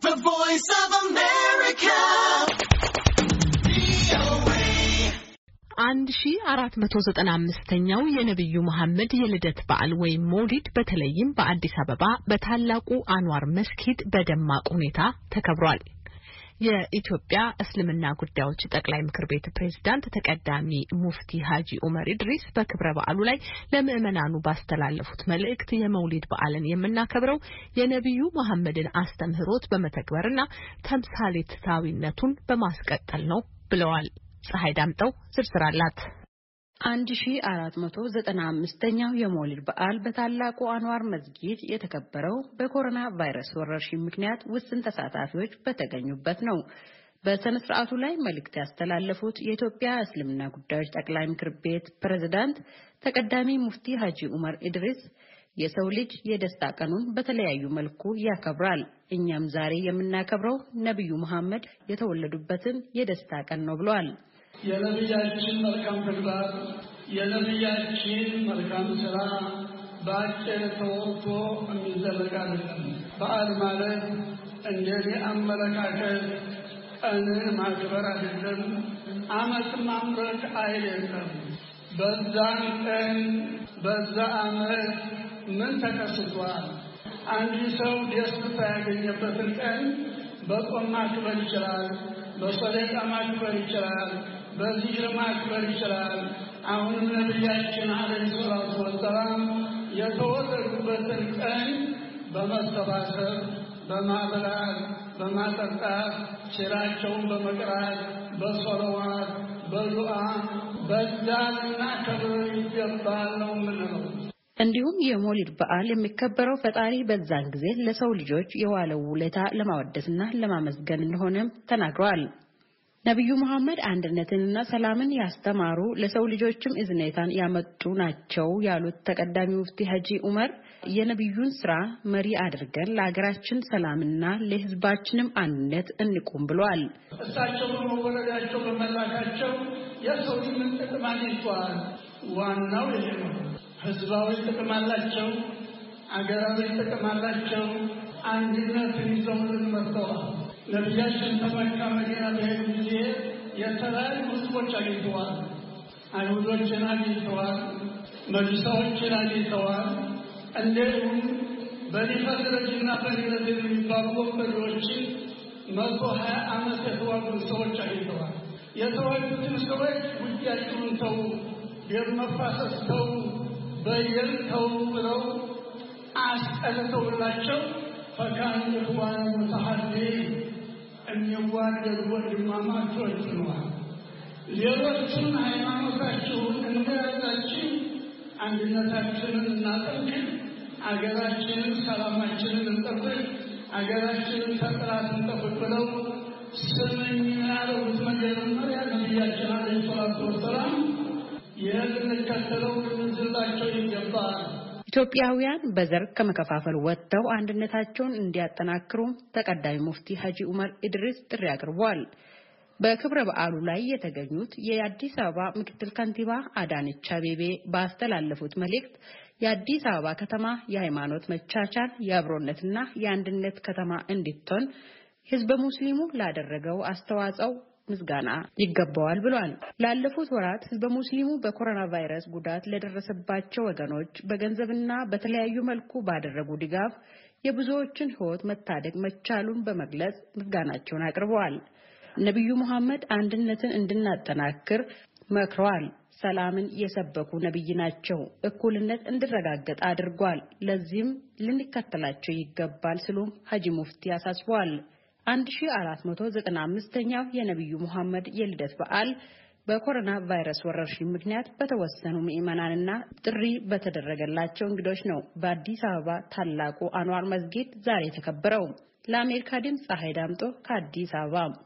The Voice of America. አንድ ሺ አራት መቶ ዘጠና አምስተኛው የነቢዩ መሐመድ የልደት በዓል ወይም ሞሊድ በተለይም በአዲስ አበባ በታላቁ አንዋር መስጊድ በደማቅ ሁኔታ ተከብሯል። የኢትዮጵያ እስልምና ጉዳዮች ጠቅላይ ምክር ቤት ፕሬዝዳንት ተቀዳሚ ሙፍቲ ሀጂ ኡመር ኢድሪስ በክብረ በዓሉ ላይ ለምዕመናኑ ባስተላለፉት መልእክት የመውሊድ በዓልን የምናከብረው የነቢዩ መሐመድን አስተምህሮት በመተግበርና ተምሳሌታዊነቱን በማስቀጠል ነው ብለዋል። ፀሐይ ዳምጠው ዝርዝር አላት። 1495ኛው የመውሊድ በዓል በታላቁ አንዋር መስጊድ የተከበረው በኮሮና ቫይረስ ወረርሽኝ ምክንያት ውስን ተሳታፊዎች በተገኙበት ነው። በሰነ ስርዓቱ ላይ መልእክት ያስተላለፉት የኢትዮጵያ እስልምና ጉዳዮች ጠቅላይ ምክር ቤት ፕሬዝዳንት ተቀዳሚ ሙፍቲ ሀጂ ዑመር ኢድሪስ የሰው ልጅ የደስታ ቀኑን በተለያዩ መልኩ ያከብራል። እኛም ዛሬ የምናከብረው ነቢዩ መሐመድ የተወለዱበትን የደስታ ቀን ነው ብለዋል። የነቢያችን መልካም ተግባር የነቢያችን መልካም ስራ በአጭር ተወርቶ የሚዘለቅ አይደለም። በዓል ማለት እንደኔ አመለካከት ቀንን ማክበር አይደለም፣ አመት ማምረክ አይደለም። በዛን ቀን በዛ አመት ምን ተከስቷል? አንድ ሰው ደስታ ያገኘበትን ቀን በቆም ማክበር ይችላል፣ በሰሌጣ ማክበር ይችላል። በዚክር ማክበር ይችላል። አሁንም ነቢያችን አለይሂ ሰላቱ ወሰላም የተወለዱበትን ቀን በመሰባሰብ በማብላት በማጠጣት ሴራቸውን በመቅራት በሶለዋት በዱዓ በዛልና እናከብር ይገባል ነው የምንለው። እንዲሁም የሞሊድ በዓል የሚከበረው ፈጣሪ በዛን ጊዜ ለሰው ልጆች የዋለው ውለታ ለማወደስና ለማመስገን እንደሆነም ተናግረዋል። ነቢዩ መሐመድ አንድነትንና ሰላምን ያስተማሩ ለሰው ልጆችም እዝነታን ያመጡ ናቸው ያሉት ተቀዳሚ ውፍቲ ሀጂ ኡመር የነቢዩን ስራ መሪ አድርገን ለሀገራችን ሰላምና ለህዝባችንም አንድነት እንቁም ብሏል። እሳቸው በመወለዳቸው በመላካቸው የሰው ምን ጥቅም አግኝተዋል? ዋናው ይሄ ነው። ህዝባዊ ጥቅም አላቸው፣ አገራዊ ጥቅም አላቸው። አንድነትን ይዘው መጥተዋል። ነቢያችን ከመካ መዲና በሄዱ ጊዜ የተለያዩ ህዝቦች አግኝተዋል። አይሁዶችን አግኝተዋል። መጁሳዎችን አግኝተዋል። እንዲሁም በሊፈትረጅና በሊረት የሚባሉ ወንበዴዎችን መቶ ሀያ ዓመት የተዋጉ ሰዎች አግኝተዋል። የተዋጉትን ሰዎች ውጊያቸውን ተዉ፣ ደም መፋሰስ ተው፣ በየል ተዉ ብለው አስጠልተውላቸው ፈካን ኢኽዋን ተሀዴ የሚዋደዱ ወንድማማቾች ነዋል። ሌሎቹም ሃይማኖታችሁን እንደያዛችን አንድነታችንን እናጠንቅ፣ አገራችንን ሰላማችንን እንጠብቅ፣ አገራችንን ከጥላት እንጠብቅ ብለው ስምኝ ያለሁት መጀመሪያ ነቢያችን አለ ሰላቱ ወሰላም ይህን ልንከተለው ልንዝላቸው ይገባል። ኢትዮጵያውያን በዘር ከመከፋፈል ወጥተው አንድነታቸውን እንዲያጠናክሩ ተቀዳሚ ሙፍቲ ሀጂ ኡመር ኢድሪስ ጥሪ አቅርቧል። በክብረ በዓሉ ላይ የተገኙት የአዲስ አበባ ምክትል ከንቲባ አዳነች አቤቤ ባስተላለፉት መልእክት የአዲስ አበባ ከተማ የሃይማኖት መቻቻል የአብሮነትና የአንድነት ከተማ እንድትሆን ሕዝበ ሙስሊሙ ላደረገው አስተዋጽኦ ምስጋና ይገባዋል ብሏል። ላለፉት ወራት ህዝበ ሙስሊሙ በኮሮና ቫይረስ ጉዳት ለደረሰባቸው ወገኖች በገንዘብና በተለያዩ መልኩ ባደረጉ ድጋፍ የብዙዎችን ህይወት መታደግ መቻሉን በመግለጽ ምስጋናቸውን አቅርበዋል። ነቢዩ መሐመድ አንድነትን እንድናጠናክር መክረዋል። ሰላምን የሰበኩ ነቢይ ናቸው። እኩልነት እንዲረጋገጥ አድርጓል። ለዚህም ልንከተላቸው ይገባል ሲሉም ሀጂ ሙፍቲ አሳስበዋል። 1495ኛው የነቢዩ መሐመድ የልደት በዓል በኮሮና ቫይረስ ወረርሽኝ ምክንያት በተወሰኑ ምዕመናንና ጥሪ በተደረገላቸው እንግዶች ነው በአዲስ አበባ ታላቁ አንዋር መስጊድ ዛሬ የተከበረው። ለአሜሪካ ድምፅ ፀሐይ ዳምጦ ከአዲስ አበባ